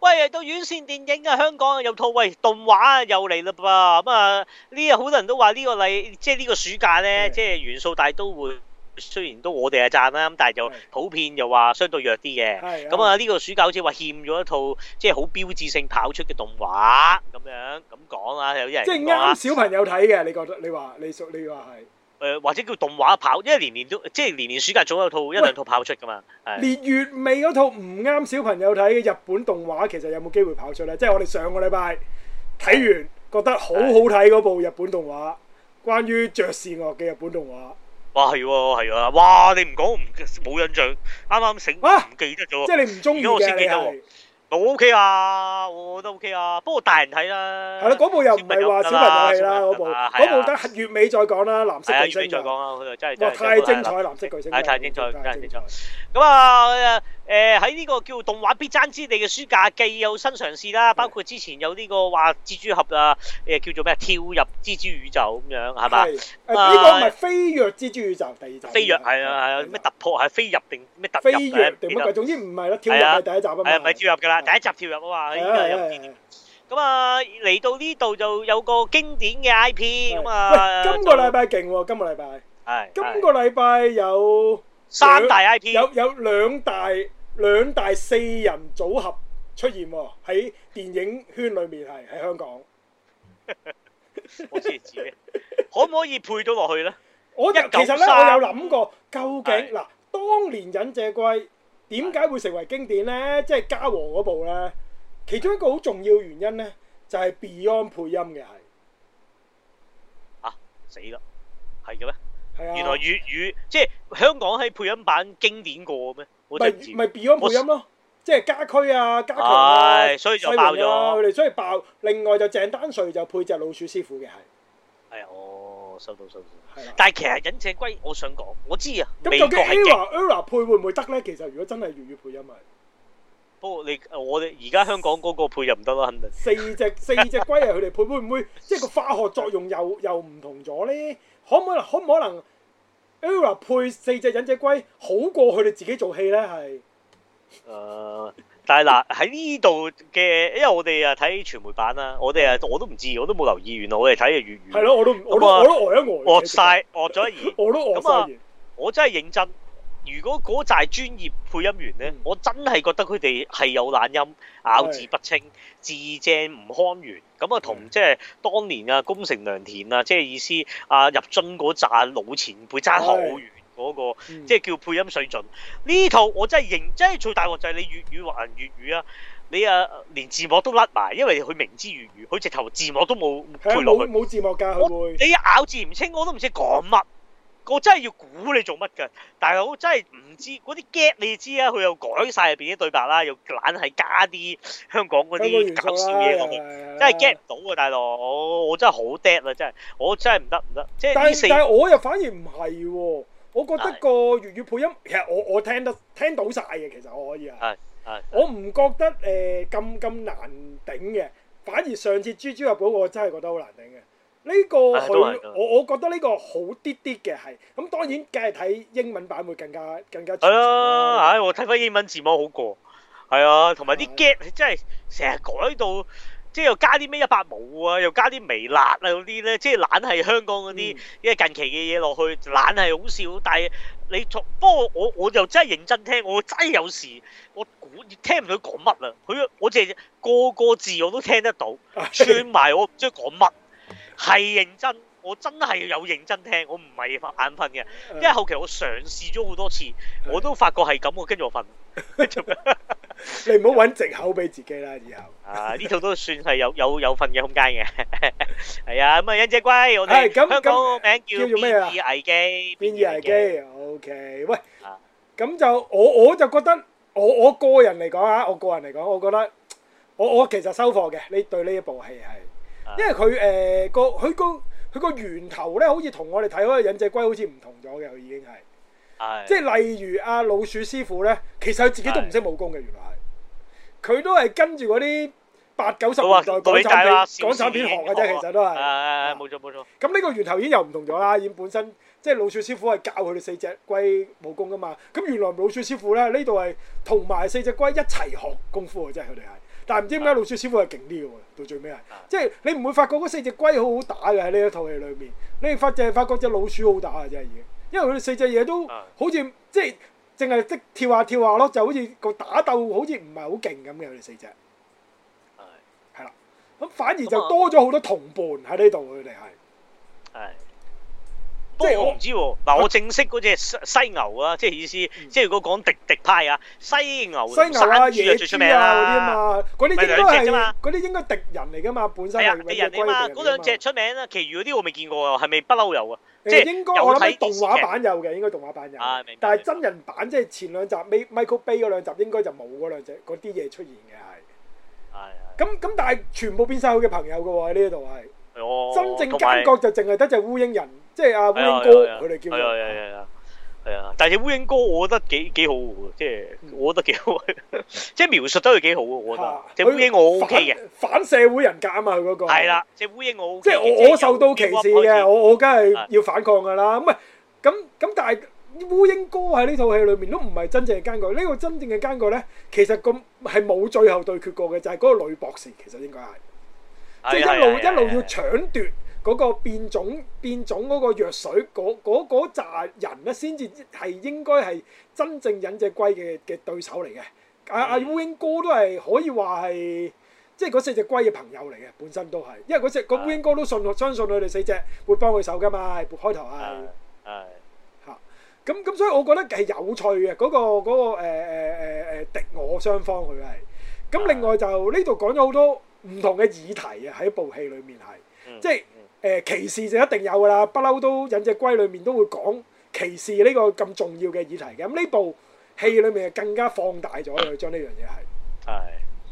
喂，到院線電影啊，香港有啊有套喂動畫啊又嚟啦噃，咁啊呢好多人都話呢個例，即係呢個暑假咧，的即係元素大都會，雖然都我哋啊讚啦，咁但係就普遍又話相對弱啲嘅。咁啊呢個暑假好似話欠咗一套即係好標誌性跑出嘅動畫咁樣咁講啊，有啲人即係啱小朋友睇嘅，你覺得你話你熟，你話係。誒、呃，或者叫動畫跑，因為年年都即係年年暑假總有一套喂一兩套跑出噶嘛。連月尾嗰套唔啱小朋友睇嘅日本動畫，其實有冇機會跑出咧？即係我哋上個禮拜睇完，覺得好好睇嗰部日本動畫，的關於爵士樂嘅日本動畫。哇，係喎，係啊，哇！你唔講我唔冇印象，啱啱醒唔哇記得咗，即係你唔中意嘅。我 OK 啊，我都 OK 啊，不過大人睇啦。係啦，嗰部又唔係話小朋友睇啦，嗰部嗰部等月尾再講啦。藍色巨星，月尾再講啦，佢又真係太精彩，藍色太精彩，太精彩。咁啊，誒喺呢個叫動畫必爭之地嘅書架既有新嘗試啦，包括之前有呢個話蜘蛛俠啊，誒叫做咩？跳入蜘蛛宇宙咁樣係嘛？呢個唔係飛躍蜘蛛宇宙第二集，飛躍係啊係啊，咩突破係飛入定咩突？飛躍總之唔係咯，跳入第一集啊，係咪入噶啦？第一集跳入我話，依家有啲咁啊！嚟到呢度就有個經典嘅 IP 咁的啊！今個禮拜勁喎，今個禮拜係今個禮拜有三大 IP，有有兩大兩大四人組合出現喎，喺電影圈裏面係喺香港。 我知自道己 可唔可以配到落去咧？我其實咧，我有諗過究竟嗱，的當年忍者龜。點解會成為經典咧？即係嘉禾嗰部咧，其中一個好重要原因咧，就係、是、Beyond 配音嘅係。啊！死啦，係嘅咩？係啊！原來粵語，語即係香港喺配音版經典過咩？咪咪不 Beyond 配音咯，我即係家駒啊、家強、啊哎、所以就爆咗，佢哋、啊、所以爆。另外就鄭丹瑞就配隻老鼠師傅嘅係。係啊、哎！我。收到收到，到，係啦。但係其實忍者龜，我想講，我知啊。咁究竟 ERROR、ERROR 配會唔會得咧？其實如果真係粵語配音啊，不過你我哋而家香港嗰個配又唔得啦，肯定。四隻四隻龜啊，佢哋配會唔會，即係個化學作用又又唔同咗咧？可唔可能可唔可能 ERROR 配四隻忍者龜好過佢哋自己做戲咧？係。啊、uh。但係嗱，喺呢度嘅，因為我哋啊睇傳媒版啦，我哋啊我都唔知，我都冇留意，原來我哋睇嘅粵語。係咯，我都我都我都呆一呆。惡晒，惡咗而。我都，我都，我都，我都惡晒完。我真係認真，如果嗰紮專業配音員咧，我真係覺得佢哋係有懶音，咬字不清，字是的 正唔腔圓，咁啊同即係當年啊功成良田啊，即係意思啊入樽嗰紮老前輩爭好遠。嗰個即係叫配音水準呢套我真係認，真係最大鑊就係你粵語還粵語啊！你啊連字幕都甩埋，因為佢明知粵語，佢直頭字幕都冇配落去，冇字幕㗎，會你咬字唔清，我都唔知講乜，我真係要估你做乜㗎？但係我真係唔知嗰啲 get 你知啊？佢又改晒入邊啲對白啦，又懶係加啲香港嗰啲搞笑嘢，真係 get 唔到啊！大佬，我我真係好 dead 啊！真係我真係唔得唔得，即係但係但係我又反而唔係喎。我覺得個粵語配音其實我我聽得聽得到晒嘅，其實我可以係， 我唔覺得誒咁咁難頂嘅，反而上次《豬豬入寶》我真係覺得好難頂嘅。呢個佢係我我覺得呢個好啲啲嘅係，咁當然梗係睇英文版會更加更加。係咯、啊，唉、呢個，我睇翻英文字幕好過，係啊，同埋啲 gap 真係成日改到。即係又加啲咩一百毛啊，又加啲微辣啊嗰啲咧，即係懶係香港嗰啲，嗯、因為近期嘅嘢落去，懶係好笑。但係你不過我我就真係認真聽，我真係有時我估聽唔到講乜啊？佢我淨係個個字我都聽得到，串埋我唔知講乜。係認真，我真係有認真聽，我唔係眼瞓嘅。因為後期我嘗試咗好多次，我都發覺係咁，我跟住我瞓。做咩？你唔好搵藉口俾自己啦，以後。啊，呢套都算係有有有份嘅空間嘅。係啊，咁啊忍者龜，香港名叫咩啊？變異危機，變異危機。O K，喂，咁就我我就覺得我我個人嚟講啊，我個人嚟講，我覺得我我其實收貨嘅。你對呢一部戲係，因為佢誒個佢個佢個源頭咧，好似同我哋睇開個忍者龜好似唔同咗嘅，佢已經係。即係例如阿老鼠師傅咧，其實佢自己都唔識武功嘅，是的 原來係佢都係跟住嗰啲八九十年代港產片、港產片學嘅啫，其實都係冇錯冇錯。咁呢個源頭已經又唔同咗啦，已經本身即係老鼠師傅係教佢哋四隻龜武功噶嘛。咁原來老鼠師傅咧呢度係同埋四隻龜一齊學功夫嘅啫，佢哋係。但係唔知點解老鼠師傅係勁啲喎，到最尾係即係你唔會發覺嗰四隻龜好好打嘅，喺呢一套戲裏面，你發就係發覺隻老鼠好打嘅即係已經。因為佢哋四隻嘢都好似、嗯、即係淨係即跳下跳下咯，就好似個打鬥好似唔係好勁咁嘅，佢哋四隻。係、嗯了，係啦，咁反而就多咗好多同伴喺呢度，佢哋係。係。即係我唔知喎，嗱我正式嗰隻犀牛啊，即係意思，即係如果講迪迪派啊，犀牛、犀牛啊最出名啊，嗰啲啊嘛，嗰啲應該係，嗰啲應該敵人嚟噶嘛，本身敵人嚟嘛，嗰兩隻出名啊，其餘嗰啲我未見過啊，係咪不嬲有啊？即係應該我諗喺動畫版有嘅，應該動畫版有，但係真人版即係前兩集，Mi Michael Bay 嗰兩集應該就冇嗰兩隻，嗰啲嘢出現嘅係，係係咁咁，但係全部變晒佢嘅朋友噶喎，喺呢度係，真正奸角就淨係得隻烏蠅人。即係阿烏蠅哥，佢哋叫係啊係係啊，但係烏蠅哥我覺得幾幾好嘅，即係我覺得幾好， 即係描述得佢幾好嘅，我覺得隻烏蠅我嘅，反社會人格啊嘛，佢、那、嗰個係啦，隻烏蠅我即係我我受到歧視嘅， 我我梗係要反抗噶啦，咁咁但係烏蠅哥喺呢套戲裏面都唔係真正嘅奸角，呢、這個真正嘅奸角咧，其實咁係冇最後對決過嘅，就係、是、嗰個女博士，其實應該係即係一路一路要搶奪。 嗰個變種變種嗰個藥水，嗰嗰嗰扎人咧，先至係應該係真正忍隻龜嘅嘅對手嚟嘅。阿阿烏蠅哥都係可以話係，即係嗰四隻龜嘅朋友嚟嘅，本身都係，因為嗰隻、嗰個烏蠅、啊、哥都信相信佢哋四隻會幫佢手㗎嘛，開頭係係嚇。咁咁、啊啊啊、所以，我覺得係有趣嘅嗰、嗰個嗰、嗰個誒誒誒敵我雙方佢係。咁另外就呢度講咗好多唔同嘅議題啊，喺部戲裏面係、嗯、即係。嗯誒歧視就一定有㗎啦，不嬲都忍隻龜裏面都會講歧視呢個咁重要嘅議題嘅。咁呢部戲裏面就更加放大咗佢將呢樣嘢係，係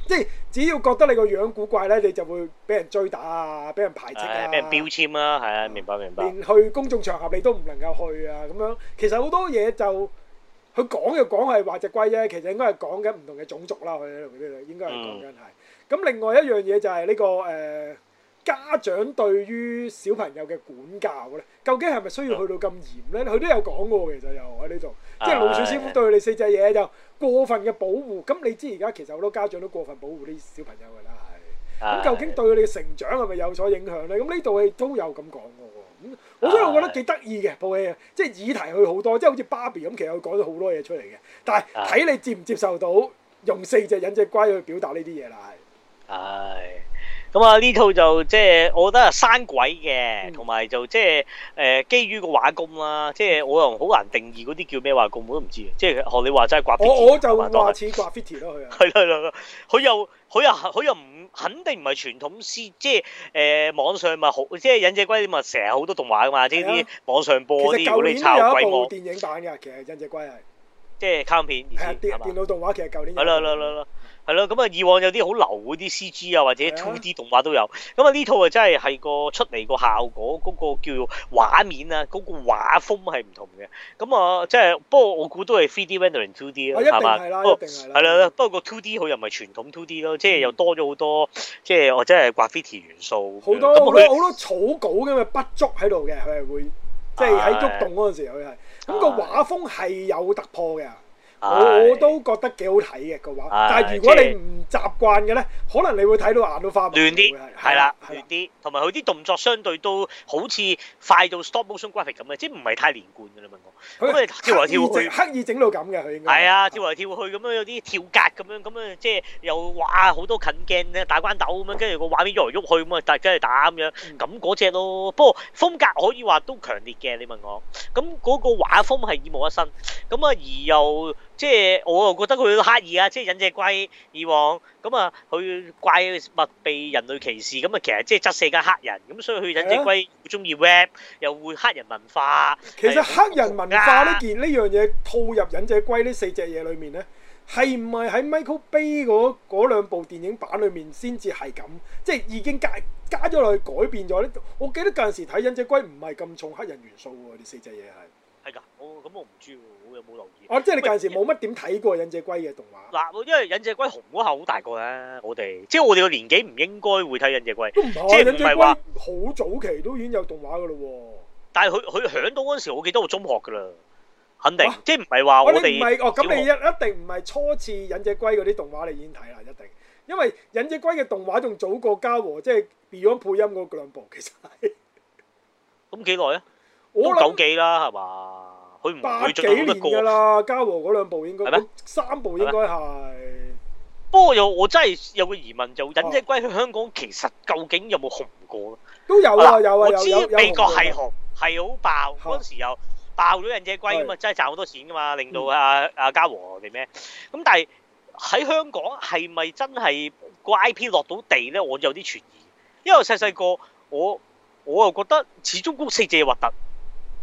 即係只要覺得你個樣古怪咧，你就會俾人追打啊，俾人排斥啊，俾人標籤啦，係啊，明白明白。連去公眾場合你都唔能夠去啊，咁樣其實好多嘢就佢講就講係話隻龜啫，其實應該係講緊唔同嘅種族啦，佢喺度應該係講緊係。咁另外一樣嘢就係呢個誒。家長對於小朋友嘅管教咧，究竟係咪需要去到咁嚴咧？佢都有講過，其實又喺呢度，即係老鼠師傅對佢哋四隻嘢就過分嘅保護。咁你知而家其實好多家長都過分保護啲小朋友㗎啦，係。咁究竟對佢哋嘅成長係咪有所影響咧？咁呢套戲都有咁講嘅喎。咁我真係覺得幾得意嘅部戲啊！即係議題佢好多，即係好似芭比咁，其實佢講咗好多嘢出嚟嘅。但係睇你接唔接受到用四隻忍者龜去表達呢啲嘢啦，係。係。咁啊！呢套就即係、就是、我覺得係生鬼嘅，同埋就即係誒基於個畫功啦。即、就、係、是、我又好難定義嗰啲叫咩畫功，我都唔知即係學你話齋係掛。我我就話似掛 Fitty 咯，佢係時。係啦係啦，佢又佢又佢又唔肯定唔係傳統師，即係誒網上咪、就、好、是就是，即係忍者龜，龜咪成日好多動畫噶嘛，即係啲網上播啲嗰啲抄鬼我。其實舊年有一部電影版嘅，其實忍者龜係，即係卡通片，而家電，的電腦動畫其實舊年。係啦。係咯，咁啊，以往有啲好流嗰啲 C G 啊，或者 two D 動畫都有。咁是啊，呢套啊真係係個出嚟個效果，嗰個叫畫面啊，嗰個畫風係唔同嘅。咁啊，即係，不過我估都係3 D rendering 2 D 啦，係嘛？係啦，不過個 two D 佢又唔係傳統 two D 咯，嗯、即係又多咗好多，即係我真係 graphic 元素。好多好多草稿咁嘅不足喺度嘅，佢係會即係喺喐動嗰陣時，佢係咁個畫風係有突破嘅。我都覺得幾好睇嘅，個畫，但係如果你唔習慣嘅咧，可能你會睇到眼都花蜜蜜蜜蜜。亂啲係啦，亂啲是，同埋佢啲動作相對都好似快到 stop motion graphic 咁嘅，即係唔係太連貫嘅。你問我因為跳來跳去，刻意整到咁嘅，佢應該係啊，跳來跳去咁樣有啲跳格咁樣，咁啊即係又哇好多近鏡咧，打關斗咁樣，跟住個畫面喐嚟喐去咁啊，但係跟住打咁樣，咁嗰隻咯。不過風格可以話都強烈嘅，你問我咁嗰、個畫風係耳目一新，咁啊而又。即係我又覺得佢刻意啊！即係忍者龜以往咁啊，佢怪物被人類歧視，咁啊其實即係折射緊黑人，咁所以佢忍者龜好中意 rap，又會黑人文化。其實黑人文化呢件呢樣嘢套入忍者龜呢四隻嘢裏面咧，係唔係喺 Michael Bay 嗰兩部電影版裏面先至係咁？即係已經加加咗落去改變咗咧。我記得嗰陣時睇忍者龜唔係咁重黑人元素喎，呢四隻嘢係。我咁我唔知，我有冇留意。哦，即係你嗰陣時冇乜點睇過忍者龜嘅動畫。嗱，因為忍者龜紅嗰下好大個咧，我哋即係我哋個年紀唔應該會睇忍者龜。都唔係，即係忍者龜好早期都已經有動畫噶啦。但係佢佢響到嗰陣時，我記得我中學噶啦，肯定、啊、即係唔係話我哋唔係哦。咁、啊、你一一定唔係初次忍者龜嗰啲動畫你已經睇啦，一定。因為忍者龜嘅動畫仲早過嘉禾，即係 Beyond 配音嗰兩部，其實係。咁幾耐啊？都九幾啦，係嘛？佢唔會做得到咁過嘅啦。嘉禾嗰兩部應該，嗎三部應該係嗎。是不過又我真係有個疑問，就忍者龜喺香港其實究竟有冇紅過咯？都有啊，了有啊，知有。我知美國係紅係好爆，嗰陣時又爆咗忍者龜咁啊，真係賺好多錢㗎嘛，令到阿阿嘉禾哋咩咁。但係喺香港係咪真係個 I P 落到地咧？我有啲存疑，因為細細個我我又覺得始終嗰四隻核突。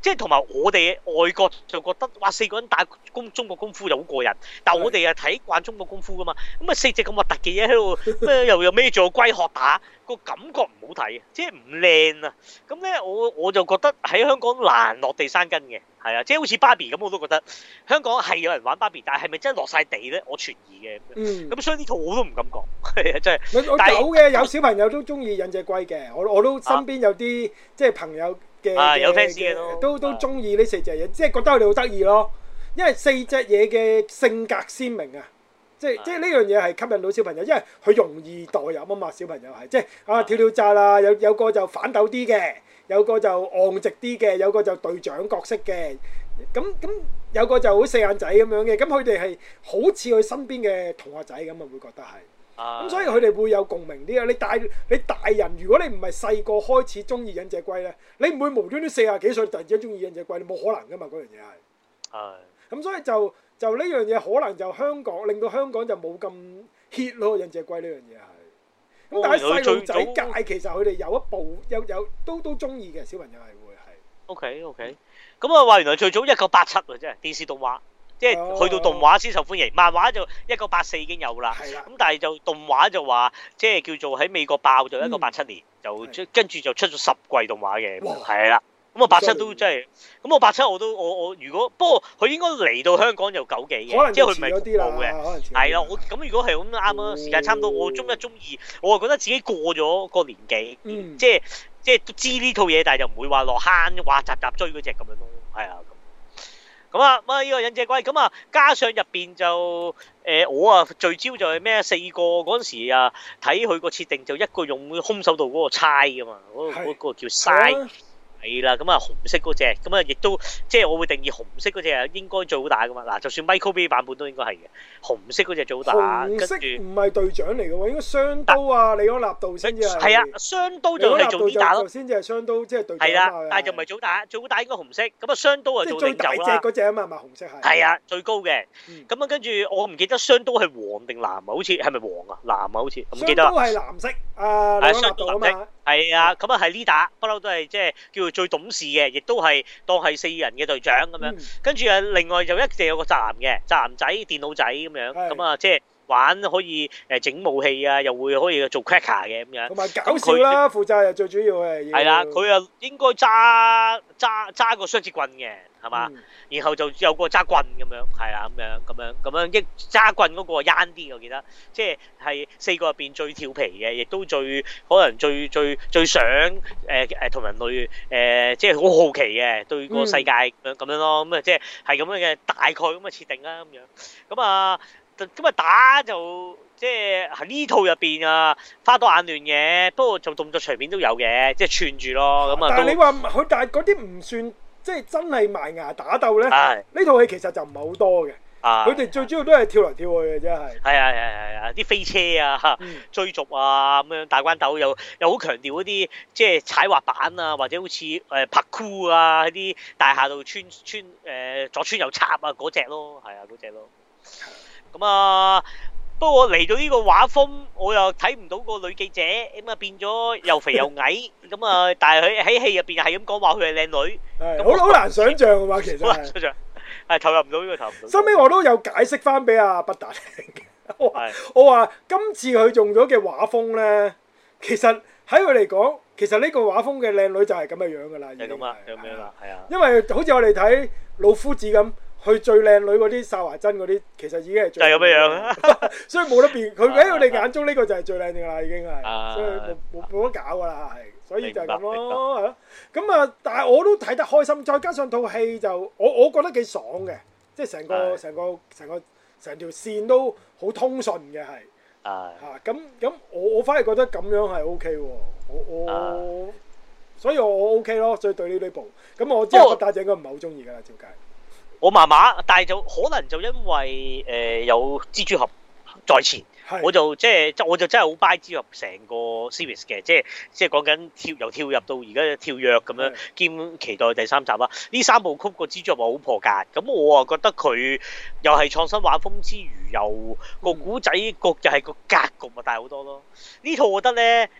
即係同埋我哋外國就覺得，哇四個人打功中國功夫就好過癮，但係我哋啊睇慣中國功夫噶嘛，咁啊四隻咁核突嘅嘢喺度，又又咩做？個龜殼打，個感覺唔好睇，即係唔靚啊！咁咧我我就覺得喺香港難落地生根嘅，係啊，即係好似芭比咁我都覺得香港係有人玩芭比，但係咪真係落晒地咧？我存疑嘅咁，所以呢套我都唔敢講，係 啊的，真係。有嘅 有小朋友都中意養隻龜嘅，我我都身邊有啲、啊、即係朋友。啊！有聽嘅都都中意呢四隻嘢，即係覺得我哋好得意咯。因為四隻嘢嘅性格鮮明啊，即係即係呢樣嘢係吸引到小朋友，因為佢容易代入啊嘛。小朋友係即係啊，跳跳蚱啦，有有個就反斗啲嘅，有個就戇直啲嘅，有個就隊長角色嘅。咁咁有個就好四眼仔咁樣嘅，咁佢哋係好似佢身邊嘅同學仔咁啊，會覺得係。咁、uh、所以佢哋會有共鳴啲啊！你大你大人，如果你唔係細個開始中意忍者龜咧，你唔會無端端四啊幾歲突然之間中意忍者龜，冇可能噶嘛，嗰樣嘢係。係、uh。咁所以就就呢樣嘢可能就香港令到香港就冇咁 hit 咯，忍者龜呢樣嘢係。咁、哦、但係細路仔界其實佢哋有一部有有，有都都中意嘅小朋友係會係。O K O K。咁啊話原來最早一九八七啊真係電視動畫。即係去到動畫先受歡迎，漫畫就一九八四已經有啦。咁但係就動畫就話，即係叫做喺美國爆咗一九八七年，就跟住就出咗十季動畫嘅，係啦。咁啊八七都真係，咁我八七我都我我如果不過佢應該嚟到香港就九幾嘅，即係佢唔係播嘅，係啦。我咁如果係咁啱啊，時間差唔多。我中一中二，我係覺得自己過咗個年紀，即係即係都知呢套嘢，但係就唔會話落坑哇，集集追嗰隻咁樣咯，係啊。咁啊，呢個忍者龜咁啊，加上入邊就誒、呃，我啊聚焦就係咩四個嗰陣時啊，睇佢個設定就一個用空手道嗰個差㗎嘛，嗰個嗰個叫嘥，係啦。咁啊，紅色嗰隻，咁啊亦都即係、就是、我會定義紅色嗰隻啊，應該最好打㗎嘛。嗱，就算 Michael Bay 版本都應該係嘅。紅色嗰隻早打，跟住唔係隊長嚟嘅喎，應該雙刀啊！你講納杜先啫，係啊，雙刀就做早打，先至係雙刀，即係隊長啊！係啦，但係就唔係早打，早打應該紅色。咁啊，雙刀啊，做領袖啊，即係最大隻嗰隻啊嘛，係咪紅色係。係啊，最高嘅。咁啊，跟住我唔記得雙刀係黃定藍啊，好似係咪黃啊？藍啊，好似唔記得啦。雙刀係藍色，啊，雙刀藍色。係啊，咁啊係 Leader，不嬲都係即係叫做最懂事嘅，亦都係當係四人嘅隊長咁樣。跟住啊，另外就一直有個宅男嘅宅男仔電腦仔咁。咁啊，是的 即係玩可以誒整武器啊，又會可以做 cracker 嘅咁樣，同埋搞笑啦，負他責又最主要嘅。係啦，佢啊應該揸揸揸個雙節棍嘅。係嘛，嗯、然後就有個揸棍咁樣，係啦，咁樣，咁樣，咁樣，一揸棍嗰個啱啲，我記得，即係四個入邊最調皮嘅，亦都最可能最最最想誒誒同人類誒，即係好好奇嘅，對個世界咁樣咯，咁、嗯、啊，即係係咁樣嘅，大概咁嘅設定啦，咁樣，咁啊，咁啊打就即係喺呢套入邊啊花多眼亂嘅，不過做動作場面都有嘅，即係串住咯，咁啊。但係你話佢，但係嗰啲唔算。即係真係埋牙打鬥咧，呢套、啊、戲其實就唔係好多嘅。佢哋、啊、最主要都係跳嚟跳去嘅，真係。係啊係啊係啊！啲、啊啊啊啊、飛車啊，嗯、追逐啊咁樣，大關鬥又又好強調嗰啲，即係踩滑板啊，或者好似誒 parkour 啊，啲大廈度穿穿誒左穿右、呃、插啊嗰隻、那個、咯，係啊嗰隻、那個、咯。咁、 嗯、啊～ 不過嚟到呢個畫風，我又睇唔到個女記者，咁啊變咗又肥又矮，咁啊，但係佢喺戲入邊係咁講話，佢係靚女，好好難想象啊嘛，其實係投入唔到呢個投入。收尾我都有解釋翻俾阿畢達聽嘅，我話我話今次佢用咗嘅畫風咧，其實喺佢嚟講，其實呢個畫風嘅靚女就係咁嘅樣噶啦，係點啊？係咩啊？係啊！因為好似我哋睇老夫子咁。去最靚女嗰啲，曬華珍嗰啲，其實已經係最係咁樣， 所以冇得變。佢喺我哋眼中呢個就係最靚噶啦，已經係，啊、所以冇冇得搞噶啦，係，所以就係咁咯，係咯白。咁啊是，但係我都睇得開心，再加上套戲就我我覺得幾爽嘅，即係成個成是個成個成條線都好通順嘅係嚇。咁咁、啊啊、我我，我反而覺得咁樣係 O K 喎，我我、啊、所以我 O K 咯，所以對呢部咁我知道但 不打姐應該唔係好中意噶啦，照計。我麻麻，但係就可能就因為誒、呃、有蜘蛛俠在前，是我就即係我就真係好 buy 蜘蛛俠成個 series 嘅，即係即係講緊跳由跳入到而家跳躍咁樣，兼期待第三集啦。呢是三部曲個蜘蛛俠好破格，咁我啊覺得佢又係創新畫風之餘，又個故仔局又係個格局咪大好多咯。呢套我覺得咧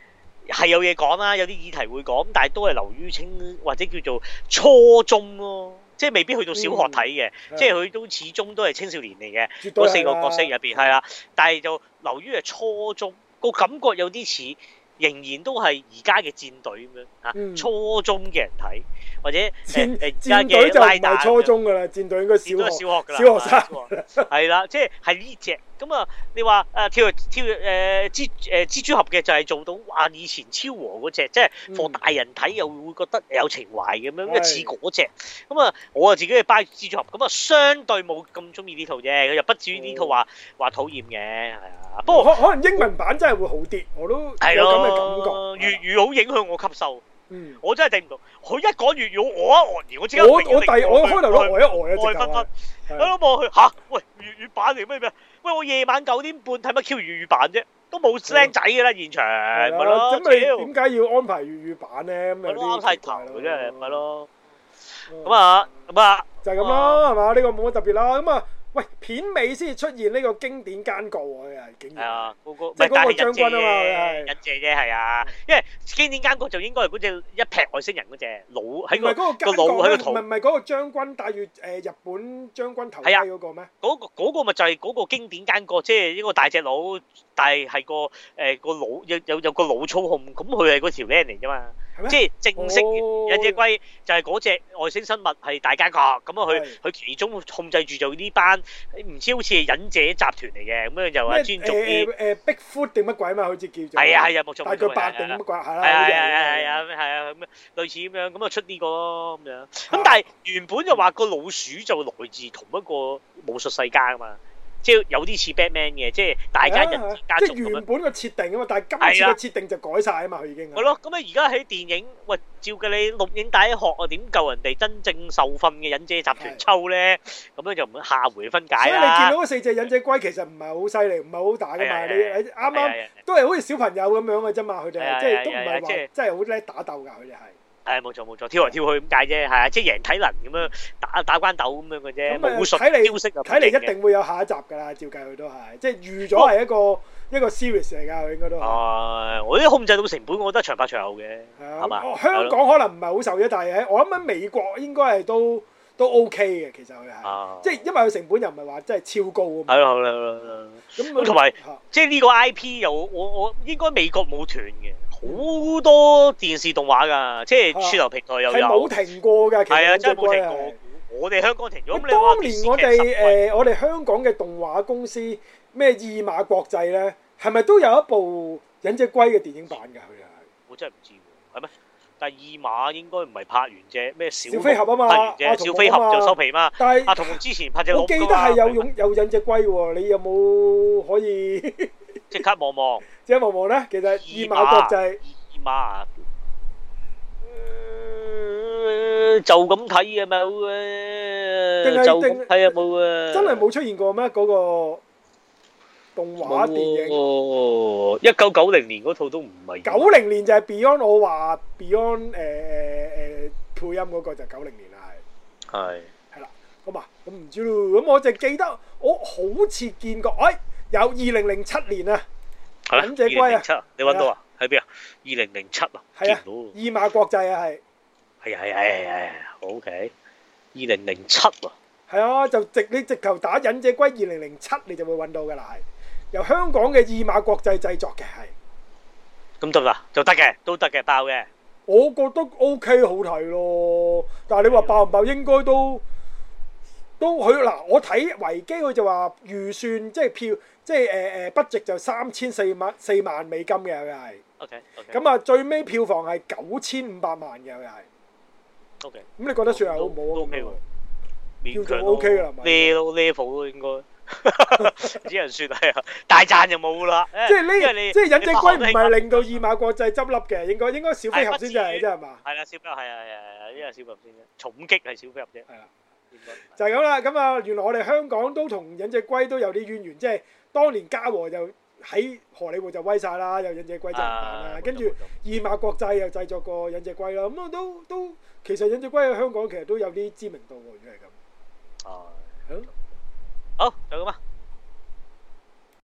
係有嘢講啦，有啲議題會講，但係都係流於清或者叫做初中咯。即係未必去到小學睇嘅，嗯、即係佢都始終都係青少年嚟嘅，嗰四個角色入邊係啦。但係就流於係初中，個感覺有啲似，仍然都係而家嘅戰隊咁樣嚇。嗯、初中嘅人睇或者戰戰隊就唔係初中㗎啦，戰隊應該都係小學，小學嘅啦，小學生係啦，即係係呢隻。咁啊，你話誒跳入跳入蜘誒蜘蛛俠嘅就係做到哇！以前超和嗰隻，即係放大人睇又會覺得有情懷咁樣，因為似嗰隻。咁啊、嗯嗯，我啊自己嘅掰蜘蛛俠，咁、嗯、啊相對冇咁中意呢套啫。佢又不至於呢套話話、哦、討厭嘅，係啊。嗯、不過可可能英文版真係會好啲，我都有咁嘅感覺。粵語、啊、魚好影響我吸收，嗯、我真係頂唔到。佢一講粵語，我愕然我一我，我即刻我我第我開頭我愕一愕啊，直分分，我諗望佢嚇，喂，粵語版嚟咩咩？喂，我夜晚九點半睇乜 Q 粵語版啫，都冇僆仔嘅啦，現場，係咯了。咁你點解要安排粵語版咧？咁啊啱太頭嘅啫，係咯。咁啊，咁、嗯、啊，就係咁咯，係嘛、啊？呢、這個冇乜特別啦。咁啊。喂，片尾先至出現呢個經典奸角喎，又竟然！啊，嗰個唔係嗰個將軍啊嘛，一隻啫係啊，因為經典奸角就應該係嗰隻一劈外星人嗰隻腦喺個個腦喺度同，唔係唔係嗰個將軍戴住誒日本將軍頭盔嗰個咩？嗰個嗰個咪就係嗰個經典奸角，即係一個大隻佬，但係係個誒個腦有有有個腦操控，咁佢係嗰條僆嚟啫嘛。即係正式忍者龜，就係嗰隻外星生物係大監角咁啊！佢佢其中控制住就呢班唔知好似忍者集團嚟嘅咁樣，就話專做啲誒誒壁虎定乜鬼嘛？好似叫做係啊係啊，莫仲，大概百定乜鬼係啦，係啊係啊係啊係啊，係啊咁樣類似咁樣咁啊出呢個咯咁樣。咁但係原本就話個老鼠就來自同一個武術世家啊嘛。即係有啲似 Batman 嘅，即係大家人家族咁啊！即係原本嘅設定啊嘛，但係今次嘅設定就改曬啊嘛，佢已經係咯。咁咧而家喺電影，喂，照計你錄影帶學啊，點救人哋真正受訓嘅忍者集團抽咧？咁樣就唔會下回分解啦。所以你見到嗰四隻忍者龜其實唔係好犀利，唔係好大噶嘛？你啱啱都係好似小朋友咁樣嘅啫嘛，佢哋即係都唔係話真係好叻打鬥噶，佢哋係。誒冇錯冇錯，跳嚟跳去咁解啫，係啊，即係贏體能咁樣打打關鬥咁樣嘅啫。武術標式睇嚟一定會有下一集㗎啦，照計佢都係，即係預咗係一個一個 series 嚟㗎，應該都係。我啲控制到成本，我覺得長拍長有嘅。係香港可能唔係好受啫，但係我諗緊美國應該係都都 OK 嘅，其實佢係。即係因為佢成本又唔係話真係超高啊。係咯係咯係咁同埋，即係呢個 IP 又我我我應該美國冇斷嘅。好多電視動畫㗎，即係主流平台又有，係冇停過㗎，其實。係啊，真係冇停過。是我哋香港停咗咁，你話電視劇十、呃、我哋香港嘅動畫公司咩？二馬國際咧，係咪都有一部忍者龜嘅電影版㗎？佢哋我真係唔知喎，係咩？但係二馬應該唔係拍完隻咩小，小飛俠啊嘛？拍完隻小飛俠就收皮嘛。啊、但係阿同之前拍隻、啊、我記得係有勇有忍者龜喎，你有冇可以？ 即刻望望，即刻望望咧，其實二馬國際，二二馬，就咁睇嘅冇啊，就咁係啊冇啊，真係冇出現過咩嗰個動畫電影？一九九零年嗰套都唔係。九零年就係 Beyond，我話 Beyond 誒誒誒配音嗰個就九零年啦，係係係啦，咁啊，咁唔知咯，咁我就記得我好似見過，哎。有二零零七年啊，忍者龜啊，你揾到啊？喺邊啊？二零零七啊，見到二馬國際啊，係係啊係啊係啊係啊，O K，二零零七啊，係啊就直你直頭打忍者龜二零零七，你就會揾到嘅啦，係由香港嘅二馬國際製作嘅，係咁得噶，就得嘅，都得嘅，爆嘅，我覺得 O K 好睇咯，但係你話爆唔爆，應該都都佢嗱，我睇維基佢就話預算即係票。即係誒誒，budget 就三千四萬四萬美金嘅佢係，OK，咁啊最尾票房係九千五百萬嘅佢係，OK，咁你覺得算係好唔好啊？勉強 OK 嘅啦，level level 咯應該，只能算係大讚就冇啦。即係呢，即係忍者龜唔係令到二馬國際執笠嘅，應該應該小飛俠先至係啫係嘛？係啦，小飛俠係係係，應該小飛俠先重擊係小飛俠啫，係啦，就係咁啦。咁啊，原來我哋香港都同忍者龜都有啲淵源，即係。當年嘉禾就喺荷里活就威晒啦，又忍者龜真人版啦，跟住二馬國際又製作過忍者龜啦，咁啊都都其實忍者龜喺香港其實都有啲知名度喎，如果係咁。哦、啊，啊、好，就咁啊。